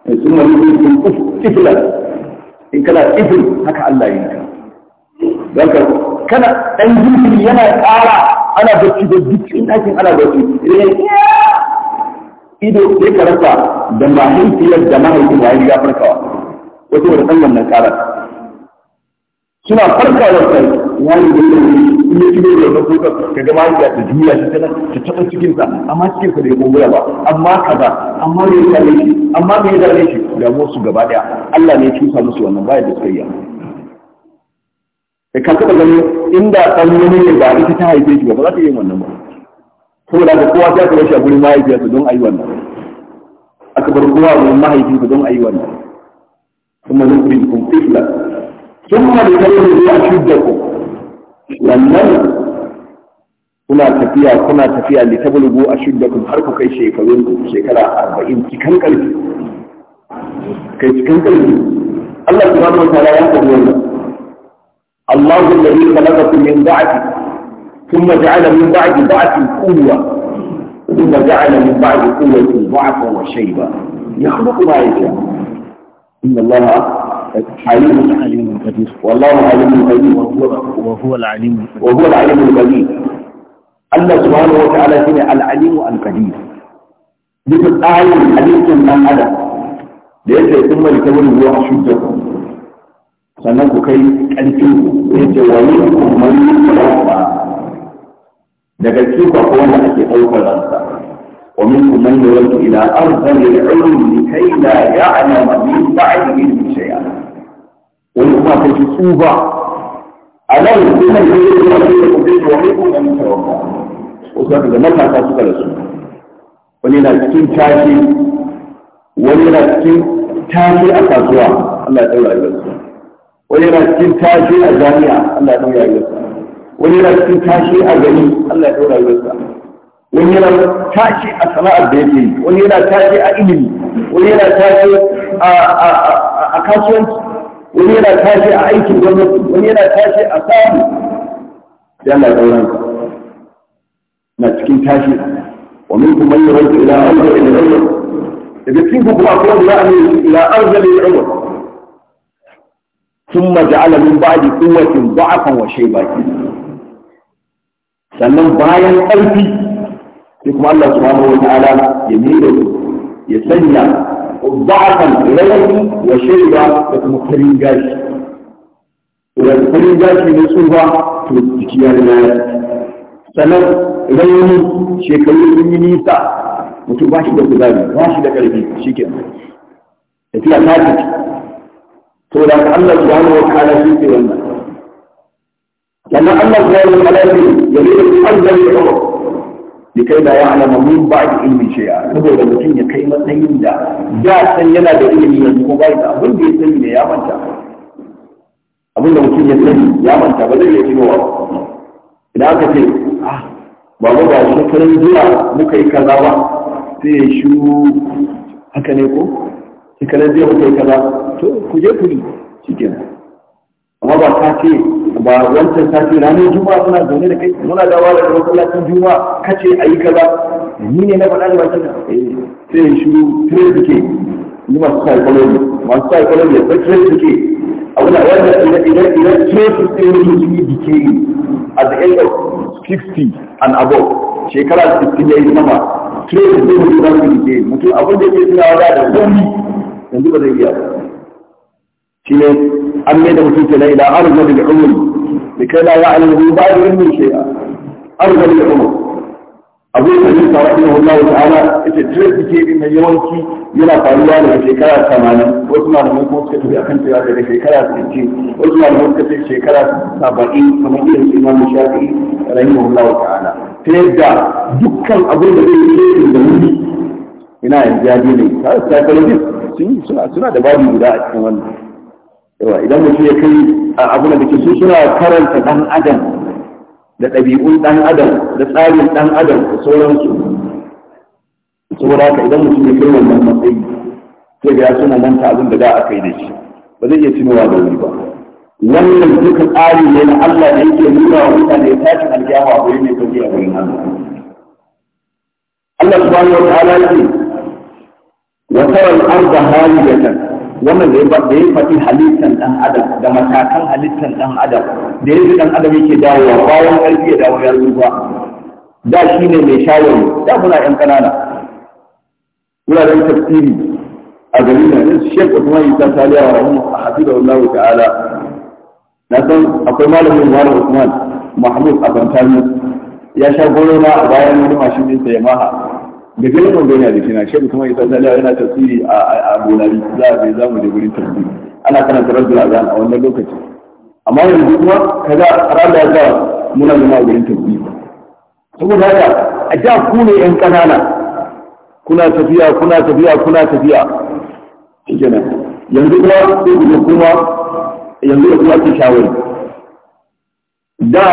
eh, sun wani sun sun tifla in kana tifil haka Allah yi ka don ka kana ɗan jinkiri yana tsara ana bacci da duk in ɗakin ana bacci ido sai ka rasa da mahaifiyar da mahaifin wayan ya farkawa Wasu da ɗan wannan karar suna farkawar kai wani da yake ya shigo da wannan kuka ka ga mahaifiya ta juya shi tana ta taɓa cikinsa amma cikinsa ya kumbura ba amma kaza amma me ya dame shi amma me ya dame shi damuwar su gaba ɗaya Allah ne ya cusa musu wannan baya da suka yi da eh, ka taɓa ganin inda ɗan wani ne ba ita ta haife shi ba ba za ta yi wannan ba Ko da ga kowa ta kawo shi a gurin mahaifiyarsa don a yi wannan aka bar kowa a gurin mahaifinsa don a yi wannan kuma zan kuri kun fitla sun ma da kallon da a shudda ku wannan kuna tafiya kuna tafiya li tablugu ashuddakum har ku kai shekarun ku shekara 40 cikin karfi kai cikin karfi Allah subhanahu wa ta'ala ya faɗi wannan Allahu alladhi khalaqakum min da'ati thumma ja'ala min ba'di da'atin quwwa thumma ja'ala min ba'di quwwatin dha'fan wa shayba yakhluqu ma yasha inna Allah عليم عليم قدير والله عليم قدير وهو العليم وهو العليم القدير الله سبحانه وتعالى شنو العليم القدير duk tsarin halittar nan adam da yake sun mai ta wurin ruwa shudda sannan ku kai ƙarfin ku ya ce wani kuma ومنكم من يرد إلى أرض العلوم لكي لا يعلم من بعد من شيئا wani kuma tsuba a nan sai kuma sai da kuma da wani wani cikin a kasuwa Allah ya wani cikin a jami'a Allah ya wani cikin a Allah yana tashi a sana'ar da yake wani yana tashi a ilimi wani yana tashi a kasuwanci wani yana tashi a aikin gwamnati wani yana tashi a samu sai Allah sauran na cikin tashi wa min kuma yi rauta ila arzu ila rauta daga cikin ku kuma akwai wanda za a yi ila arzu ila rauta ثم جعل من بعد قوة ضعفا وشيبا sannan bayan ƙarfi sai kuma Allah subhanahu wa ta'ala ya mire ya sanya الضعف الذي يشرب المقرين جاش والمقرين جاش من يصوبه في اتجاه الناس شكل من نيسا وتو باشي دك ذالي باشي دك ربي شكل يتلع ثابت الله سبحانه وتعالى سيكي والله لما الله سبحانه وتعالى يقول الله سبحانه ya kai da ya alama mun ba da ilmi shaya da mutum ya kai matsayin da ya san yana da ilimi yanzu ko bai da abin da ya sani ne ya manta abin da mutum ya sani ya manta ba zai iya tunowa idan aka ce ah ba mu ga shekarun zuwa muka yi kaza ba sai ya shu haka ne ko shekarun zuwa muka yi kaza to ku je ku yi cikin. amma ba ka ce ba wancan sati ranar juma'a suna zaune da kai muna dawa da masallacin juma'a kace yi kaza ni ne na faɗa da wancan sai ya shiru tire suke ni masu sa masu sa ya sai tire suke a na wanda idan idan idan tire su sai ne su yi a at the end of 60 and above shekara 60 yi sama tire su sai mutum za su decay mutum abin da ke tunawa da da zombie yanzu ba zai iya shi ne an mai da mutum ke na ila arzu da umri لكي لا يعلم من بعد علمه شيئا أرضى للعمر abu da shi ta rabu Allah ta'ala ita jira take din yana faruwa daga shekara 80 wasu malaman kuma suka tafi akan cewa daga shekara 60 wasu malaman suka ce shekara 70 kamar irin su Imam Shafi'i rahimahullahu ta'ala ta yadda dukkan abin da zai yi da wuri ina yanzu ya ne psychologist sun suna da babu guda a cikin wannan idan mutum ya kai abin da ke su suna karanta ɗan adam da ɗabi'un ɗan adam da tsarin ɗan adam da sauransu saboda haka idan mutum ya kai wannan matsayi sai ga ya suna manta abin da za a kai da shi ba zai iya tunowa da wuri ba wannan duka tsari ne na Allah da yake nuna wa mutane tashin alkiyama ko yake sauki a wurin Allah Allah subhanahu wa ta'ala yake wa tara al-ardha haliyatan wannan da ya faɗi halittar ɗan adam da matakan halittar ɗan adam da yanzu ɗan adam yake dawowa bayan ƙarfi ya dawo ya da shi ne mai shayarwa da muna 'yan ƙanana wuraren tafsiri a gari na yin shek usman isa taliya wa rahimu a da wallahu ta'ala na san akwai malamin wani usman mahmud abantani ya sha goro a bayan wani mashin ɗinsa yamaha da yi wanda yana da kina shehu kuma isa da yana tafsiri a bolari za a bai za mu je wurin tafsiri ana karanta rabbul azan a wannan lokaci amma yanzu kuma kaga rada ya ga muna zama wurin tafsiri saboda haka a da ku ne yan kanana kuna tafiya kuna tafiya kuna tafiya kenan yanzu kuma sai kuma yanzu da kuma ke shawari da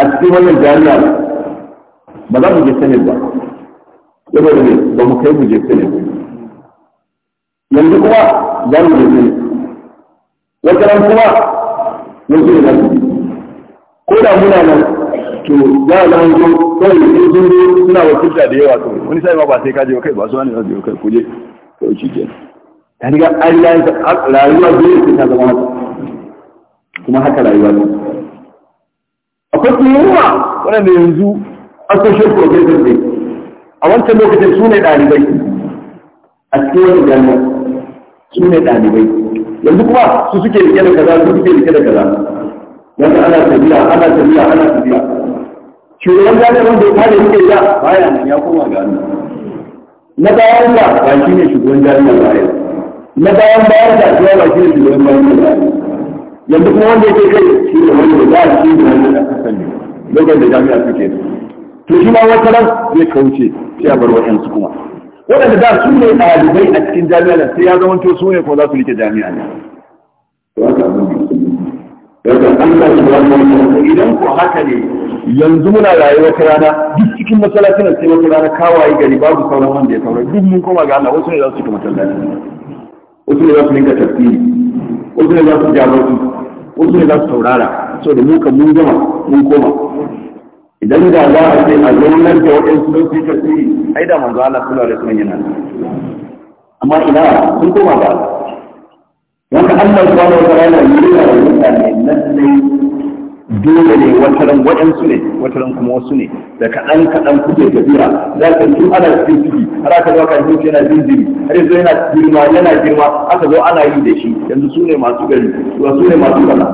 a cikin wannan jami'a ba za mu je sanin ba saboda ne ba mu kai guje ne yanzu kuma za mu guje ne wata ran kuma yanzu ko da muna nan to za a zama zo kawai sun sun zo suna wakilta da yawa kawai wani sai ma ba sai kaje kai ba su wani zai kai kuje kawai shi kenan ta riga an rayuwa ta kuma haka rayuwa ne akwai kuma yawa yanzu akwai shi a wancan lokacin su ne ɗalibai a cikin wani jami'a su ne ɗalibai yanzu kuma su suke rike da kaza su suke rike da kaza yanzu ana tafiya ana tafiya ana tafiya shugaban jami'a wanda ya kare suke da baya nan ya koma ga na bayan da ba shi ne shugaban jami'a ba na bayan bayan da ya ba shi ne shugaban jami'a ba yanzu kuma wanda yake kai shi ne wanda ba shi ne wanda aka sani lokacin da jami'a suke to shi ma wata ran zai kauce sai a bar waɗansu kuma waɗanda da su ne ɗalibai a cikin jami'a da sai ya zama to su ne ko za su rike jami'a ne idan ko haka ne yanzu muna rayuwa ta rana duk cikin masallacin sai wata rana kawai gari babu sauran wanda ya saura duk mun koma ga Allah wasu ne za su cika masallacin wasu ne za su rinka tafsiri wasu ne za su jabarci wasu ne za su saurara saboda mu kan mun gama mun koma idan da za a ce a zaunar da waɗansu don su yi tasiri ai da manzo Allah sallallahu alaihi wasallam yana amma ina sun koma ba wanda Allah subhanahu wa wata rana yi da mutane ne. dole ne wataran waɗansu ne wataran kuma wasu ne da kaɗan kaɗan kuke tafiya za ka yi ana cikin ciki har aka zo ka yi yana jinjiri har yanzu yana girma yana girma aka zo ana yi da shi yanzu su ne masu gari su ne masu gana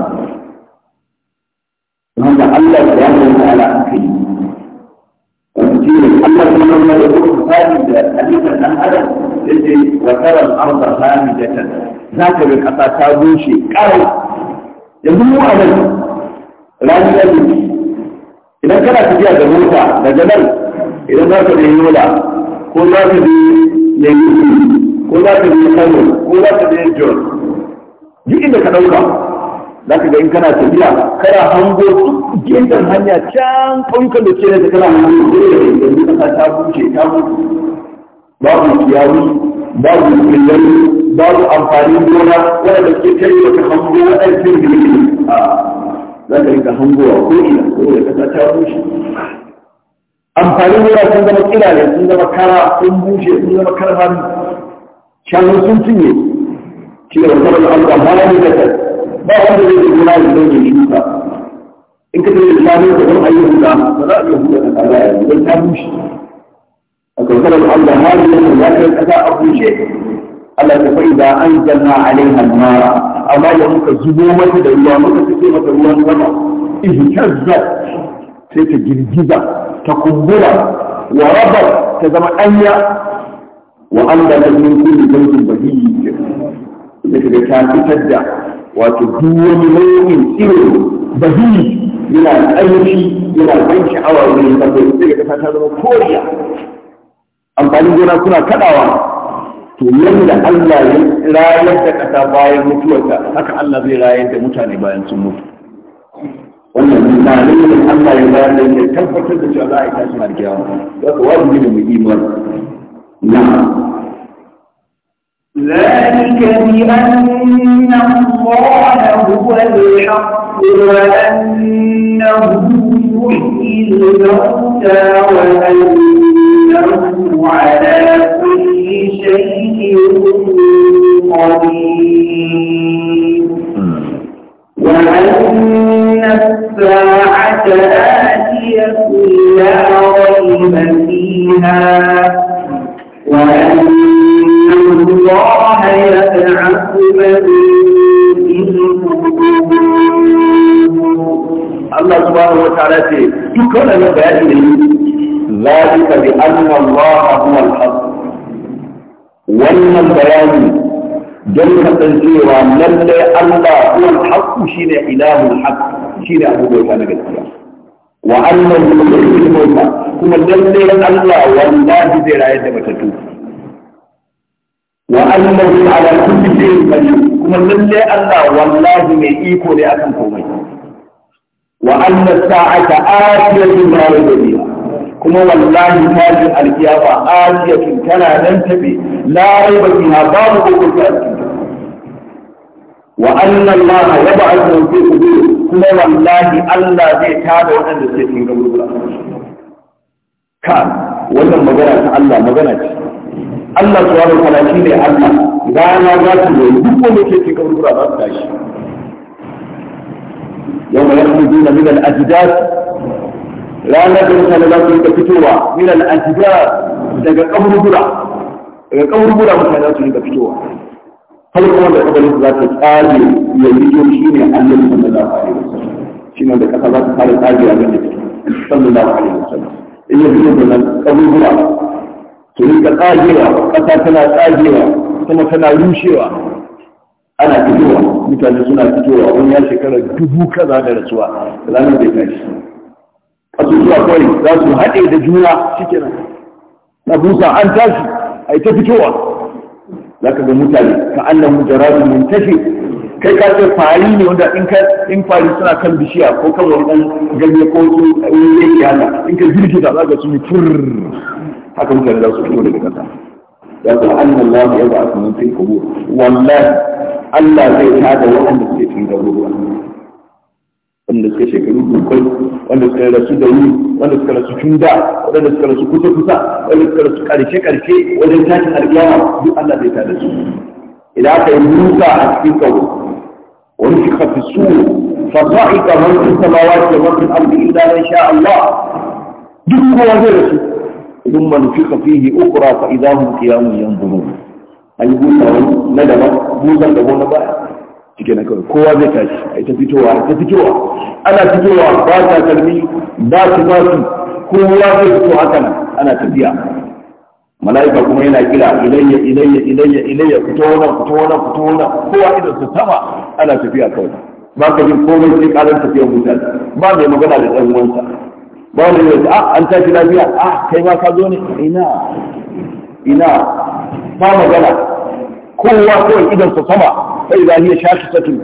wanda Allah ya yi wani ala a kai wani ne Allah kuma wani da kuma sami da halittar dan adam da ke wakarar arba sami da za ka bi kasa ta bushe kawai da duk a nan rani da duki idan kana tafiya da mota da jabal idan za ka bi yola ko za ka bi lagos ko za ka bi kano ko za ka bi jos duk inda ka ɗauka za ka ga in kana tafiya kana hango duk gefen hanya can ƙauyukan da ke da ta kana hango da yanzu kasa ta buce ta mutu babu ciyawi babu ba babu amfanin gona da ke kai da na hango waɗansu girgiri a za ka ka hangowa ko ina ko da kasa ta kuce amfanin gona sun zama kirare sun zama kara sun bushe sun zama karfan shanu sun cinye shi da wasu al'amura ma na da ba wanda zai yi gona da zai yi shuka in ka tafi da shanu da zan ayyukan ka ba za a iya huda da kaza ya zai ta bushe a kankanar Allah hali yana ya kai kasa a bushe Allah ta fa'i da an janna alaiha mara amma da muka zubo mata da ruwa muka fice mata ruwan sama ihtazza sai ta girgiza ta kumbura wa rabar ta zama ɗanya wa Allah ta min kulli zawjin bahiyyin da ta fitar da wato duk wani nau'in tsiro bahiri yana ƙarfi yana ban sha'awa wurin kafin sai ka kasa ta zama koriya amfanin gona kuna kaɗawa to yadda Allah ya rayar da ƙasa bayan mutuwarta haka Allah zai rayar da mutane bayan sun mutu wannan misalin da Allah ya bayar da ya tabbatar da cewa za a yi tashin alkiyama za ka wajibi da mu iman na ذلك بأن الله هو الحق وأنه يحيي الموتى وأنه على كل شيء قدير وأن الساعة آتية لا ريب فيها الله يتعب من الله سبحانه وتعالى يقول أنا بأذن ذلك بأن الله هو الحق wannan bayani don kasancewa lallai Allah kuwan haƙƙu shi ne ilahun haƙƙu shi ne abu bauta na gaskiya wa annan mutum kuma lallai Allah wallahi zai rayar da matattu wa annahu ala kuma Allah wallahi mai iko ne akan komai wa anna sa'ata atiyatun la rayba fiha kuma wallahi taji alkiyama atiyatun tana nan tafi la rayba fiha babu kokonto a wa anna Allah yab'athu fi qubur kuma wallahi Allah zai tada waɗanda suke ka wannan magana ta Allah magana ce Allah subhanahu wa ta'ala shine Allah rana za su yi duk wanda ke cikin kaburbura za su tashi yawma yakhrujuna min al-ajdath ranar da mutane za su rika fitowa minan al-ajdath daga kaburbura daga kaburbura mutane za su rika fitowa har kuma da su za ta tsage ya yi to shine Allah sallallahu alaihi shi shine da kasa za ta fara tsagewa ga sallallahu alaihi sannan in yi fito da kaburbura su rika tsagewa ƙasa tana tsagewa kuma tana rushewa ana fitowa mutane suna fitowa wani ya shekara dubu kaza da rasuwa ranar da tashi ƙasusuwa kawai za su haɗe da juna shikenan na busa an tashi a ita fitowa za ka ga mutane ka annan mujarrabi mun tafi kai ka ce fari ne wanda in ka in fari suna kan bishiya ko kan wani ɗan ganye ko su wani eh, yanki haka in ka girgiza za ka su furr حكم كان لو سكتوا لك كذا يقول أن الله يبعث من في القبور والله ألا زي هذا وأن نسكي في دوره وأن نسكي شيء كنوب الكل وأن نسكي لسو دوري وأن نسكي في شمدا وأن نسكي لسو في كتا وأن نسكي لسو في كاريشي وأن نسكي لسو كاريشي وأن نسكي لسو إذا في موسى أكفي كبور ونفخ في السور فصائق من في السماوات ومن في الأرض إلا إن شاء الله دكوا وزير السور ثم نفخ فيه أخرى فإذا هم قيام ينظرون an yi busa na daban busan da na baya cike na kawai kowa zai tashi a ita fitowa ita fitowa ana fitowa ba ta kalmi ba su ba su kowa zai fito haka nan ana tafiya mala'ika kuma yana kira ilayya ilayya ilayya ilayya fito wannan fito wannan fito wannan kowa idan su sama ana tafiya kawai ba ka jin komai sai karar tafiya mutane ba mai magana da ɗan uwansa malami ya ce ah an tashi lafiya ah kai ma ka zo ne ina ina ba magana kowa kawai idan sa sama sai da ya shashi satin,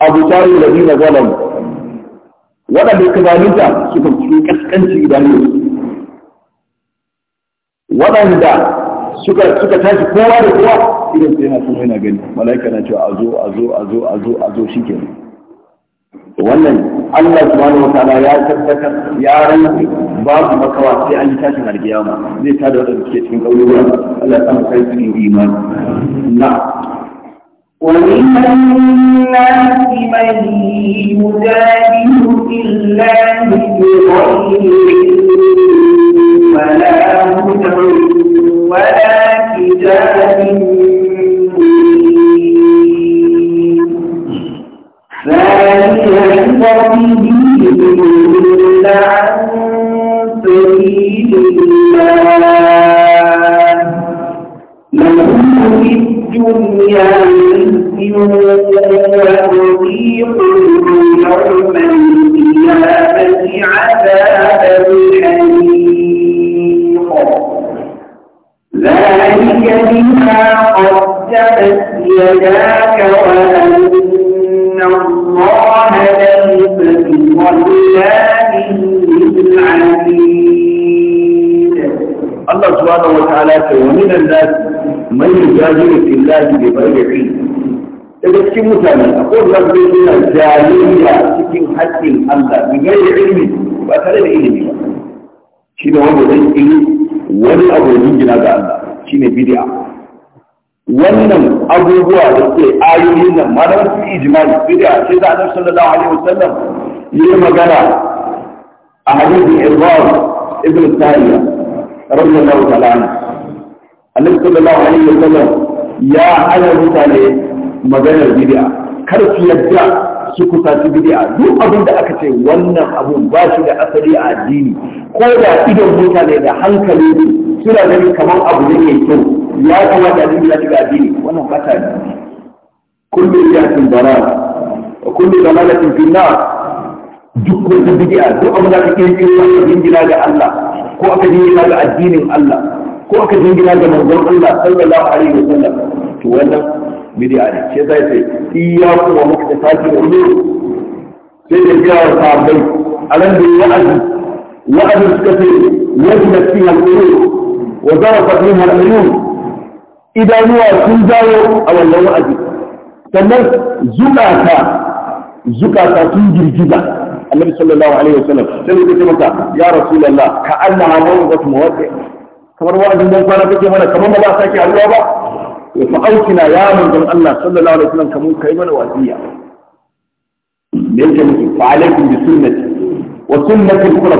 abu tayi da dina zalam waɗanda ka zalunta suka cikin idan yau? waɗanda suka suka tashi kowa da kowa idan sai yana kuma yana gani malaika na cewa a zo a zo a zo a zo a zo shikenan wannan Allah subhanahu wataala ya tabbatar ya rantsi babu makawa sai an yi tashin alkiyama zai tada wadanda suke cikin kauyuka Allah ya samu kai cikin imani na ومن الناس من يجادل في الله بغير علم ولا هدى ولا كتاب به إلا عن سبيل الله له في الدنيا خزي ونذيق عذاب الحريق ذلك بما قدمت يداك subhanahu wa ta'ala ce wani nan da mai yajiru billahi da bayyaki daga cikin mutane akwai wanda zai yana jayayya cikin haƙƙin Allah bi gairi ilimi ba tare da ilimi ba shi ne wanda zai yi wani abu da jingina ga Allah shi ne bid'a wannan abubuwa da ke ayoyin nan ma da su ijma'i bid'a sai da Annabi sallallahu alaihi wasallam yi magana a hadisi Ibrahim ibn Sariya radiyallahu ta'ala anhu annabi sallallahu alaihi wasallam ya ana mutane maganar bid'a kar su yadda su kusaci bid'a duk abin da aka ce wannan abun ba shi da asali a addini ko da idon mutane da hankali suna gani kamar abu ne mai kyau ya kamata a ya shiga addini wannan fata ne kullu bi'atin dalal wa kullu dalalatin fi nar duk wata bid'a duk abin da kake yi wannan jingina ga Allah ko aka jingina ga addinin Allah ko aka jingina ga manzon Allah sallallahu alaihi wa sallam to wannan bid'a ne sai sai sai iyyakum wa muhtasatil umur sai da biya wa sahabbai anan da wa'azi wa'azi suka ce wajna da al-umur wa zarafa fiha al-uyun idanuwa sun jawo a wannan wa'azi sannan zukata zukata sun girgiza annabi sallallahu alaihi wasallam sai ya ce maka ya rasulullah ka annaha mawdatu muwaddi kamar wa'azin dan kwana kake mana kamar ba za sake Allah ba ya fa aukina ya manzon Allah sallallahu alaihi wasallam kamar kai mana wasiya da yake miki fa alaikum duk abin da za a yi duk yadda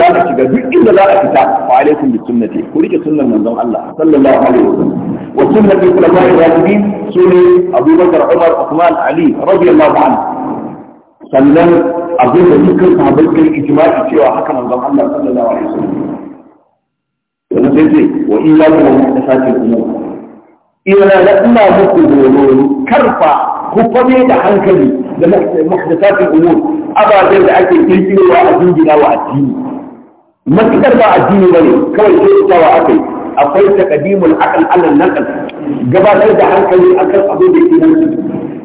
za a shiga duk inda za a fita fa alaikum bi sunnati ku rike sunnar manzon Allah sallallahu alaihi wasallam وسنة الخلفاء الراشدين سنة أبو بكر عمر عثمان علي رضي الله عنه sannan abin da dukkan sahabbai kai ijma'i cewa haka manzon Allah sallallahu alaihi wasallam wannan sai ce wa illa kuma mutasati kuma ina la ina muku dole karfa ku da hankali da muhdathatul umur ababen da ake kirkirowa a jingina addini matakar ba addini bane kawai sai ta wa akwai taqdimul aql ala naql gabatar da hankali akan abin da ke nan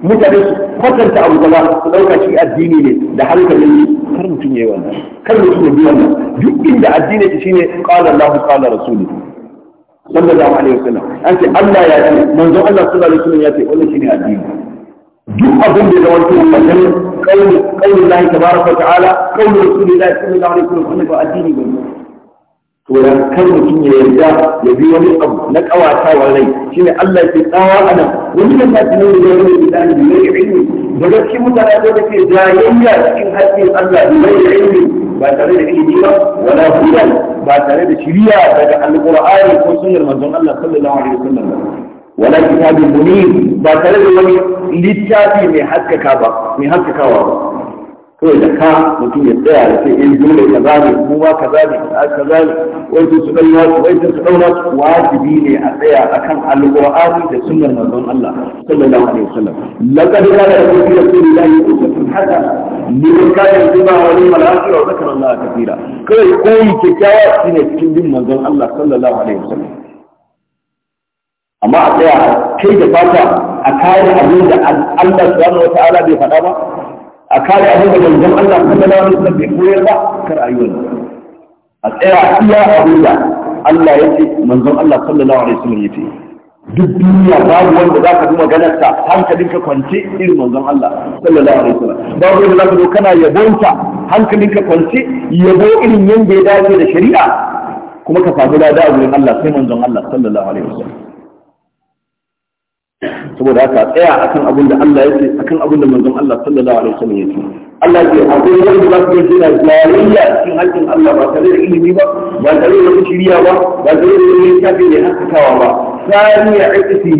mutane su kwatanta abu gaba su dauka shi addini ne da hankalin kar mutum yayi wannan kar mutum yayi wannan duk inda addini shi shine qala Allah qala rasuluhu sallallahu alaihi wasallam an ce Allah ya ce manzon Allah sallallahu alaihi wasallam ya ce wannan shine addini duk abin da zaman tun wajen kaulin kaulin Allah tabaraka wa ta'ala kaulin rasulullahi sallallahu alaihi wasallam wannan ba addini ba to ran kan mutum ya yarda ya bi wani abu na kawatawa rai ne Allah ke tsawa a nan. wani da ta tunan da wani da dan ne ilimi da gaskiya mutane da take jayayya cikin hakkin Allah ne ilimi ba tare da ilimi ba wala hudan ba tare da shiriya daga alqur'ani ko sunnar manzon Allah sallallahu alaihi wasallam wala kitabul munir ba tare da wani littafi mai haskaka ba mai haskakawa ba kawai da ka mutum ya tsaya da sai, in dole ka ne mu ma kaza ne kaza ne wai sun su dau su wai sun su dau nasu wajibi ne a tsaya akan alqur'ani da sunnar manzon Allah sallallahu alaihi wasallam laqad kana lakum fi rasulillahi uswatun hasana liman kana yusma wa liman akhir wa zakara Allah kathira kawai koyi kyakkyawa shine cikin bin manzon Allah sallallahu alaihi wasallam amma a tsaya kai da fata a kare abin da Allah subhanahu wa ta'ala bai faɗa ba a kare abin da manzon Allah sallallahu alaihi sunan bai koyar ba kar a yi wani. a tsaya iya abin da Allah ya ce manzon Allah sallallahu alaihi wasallam ya ce duk duniya babu wanda za ka bi maganar ta hankalin kwance irin manzon Allah sallallahu alaihi wasallam babu wanda za ka zo kana yabonta hankalinka kwance yabo irin yanda ya dace da shari'a kuma ka samu lada a wurin Allah sai manzon Allah sallallahu alaihi wasallam saboda haka tsaya akan abin da Allah ya ce akan abin da manzon Allah sallallahu alaihi wasallam ya ce Allah ya ce akwai wanda za su ga jira jayayya cikin hakkin Allah ba tare da ilimi ba ba tare da wani shiriya ba ba tare da wani kafi ne haskakawa ba sani ya aiki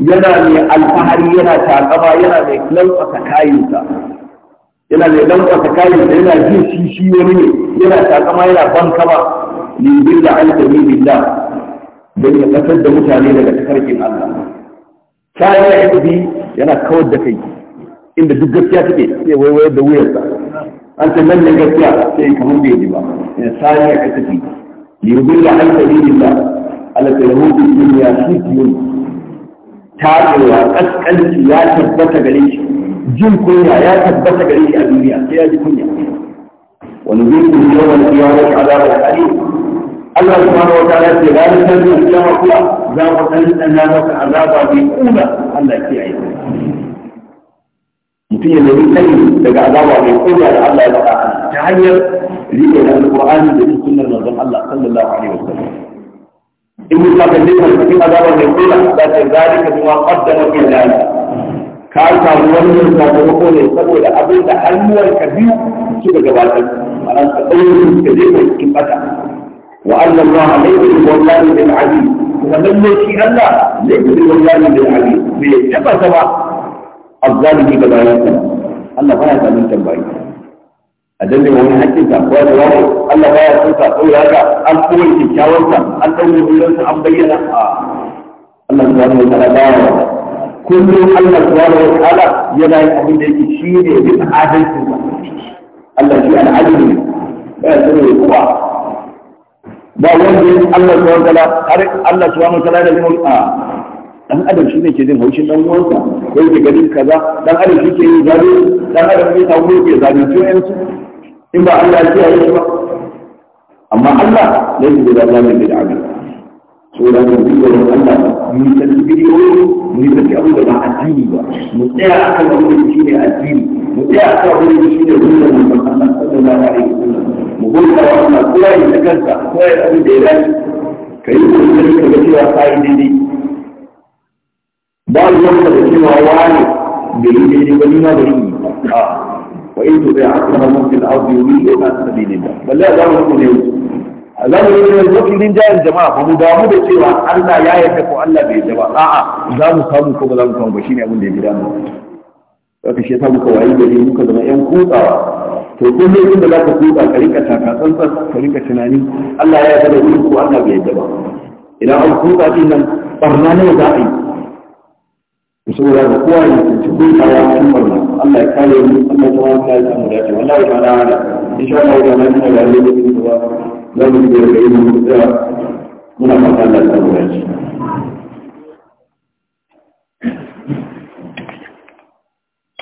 yana mai alfahari yana takama yana mai lantsa kayansa yana mai lantsa kayansa yana jin shi shi wani ne yana takama yana bankama lillahi alhamdulillah dan ya kasar da mutane daga tafarkin Allah ta ya tafi yana kawar da kai inda duk gaskiya take sai waiwaye da wuyarsa an ce nan ne gaskiya sai kamar bai ji ba ina ta ya tafi liyubilla an sabilillah ala talahu fi dunya shikiyun ta tsewa kaskanci ya tabbata gare shi jin kunya ya tabbata gare shi a duniya sai ya ji kunya wani zai kuma yawan kiyamar azabar alim Allah subhanahu wa ta'ala ce la yasdu kiyama kuma za mu san da na maka azaba bi kula Allah ya yi. mutum ya nemi sani daga azaba mai kula da Allah ya faɗa ta hanyar riƙe da alqur'ani da sunnar manzon Allah sallallahu alaihi wasallam in mutum ka dinga cikin azaba mai kula za ta zalika bima da bil ka samu wannan sakamako ne saboda abin da hannuwanka biyu suka gabatar ma'ana ka ɗaure suka jefa cikin bata وأن الله ليس بالظلام بالعبيد ومن يشي الله ليس بالظلام بالعبيد بيتبع سبع الظالم كما يسمى الله ما يسمى من تنبعي أدل ومن حكي تقوى دواري الله ما يسمى تقوى هذا القوة تشاورك القوة بلوك أم بينا الله سبحانه وتعالى كل الله سبحانه وتعالى ينعي أبو ديك شيني بالعادل الله شيء العدل لا يسمى القوة ba wanda ya Allah subhanahu wataala har Allah subhanahu wataala da zama a dan adam shi ne ke jin haushin dan uwansa ko yake ganin kaza dan adam shi ke yin zabi dan adam ne ta wuri ke zabi to yansu in ba Allah ya kiyaye shi ba amma Allah ne ya da zabi da abin so da mu bi wurin Allah mu ta bidiyo mu ta ci abin da ba addini ba mu tsaya akan abin da shi ne addini mu tsaya akan abin da shi ne ruwan Allah sallallahu alaihi wasallam mu bauta wa Allah kowa da ta kansa kowa ya abin da ya dace ka yi kokari ka ga cewa ka yi daidai ba mu yanka da cewa wani da yi daidai ba ni ma ba yi ba wa in a tuba akthara min fil ardi daidai ba. sabilillah balla za mu ne a zamanin da mafi rinjayen jama'a ba mu damu da cewa Allah ya yarda ko Allah bai yarda ba a'a za mu samu ko ba za mu samu ba shine abin da ya gida mu haka shi ya sa muka wayi gari muka zama yan kutsawa to ko lokacin da za ka kuka ka rinka taka tsantsan ka rinka tunani Allah ya yarda da ku ko Allah bai yarda ba idan an kuka din nan barna ne za a yi saboda ga kowa ya tsinci kuka ya cikin barna Allah ya kare mu Allah ta wani kare mu dace wallahi ta da hada insha Allah ga nan ne ga lokacin da za mu yi da ilimin da muna fata Allah ta wadace